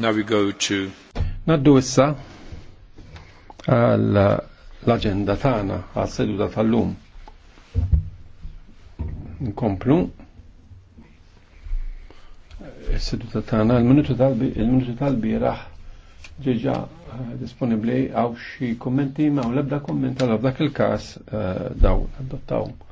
Now we go to Naddu issa l-agenda tagħna għas-seduta tal-lum. Nkomplu is-seduta tagħna l minutu tal il-minutu tal-bieraħ ġeġa eh, disponibbli għaw xi kommenti ma' l-ebda kommenta għal għabda il-każ eh, dawn adottawhom.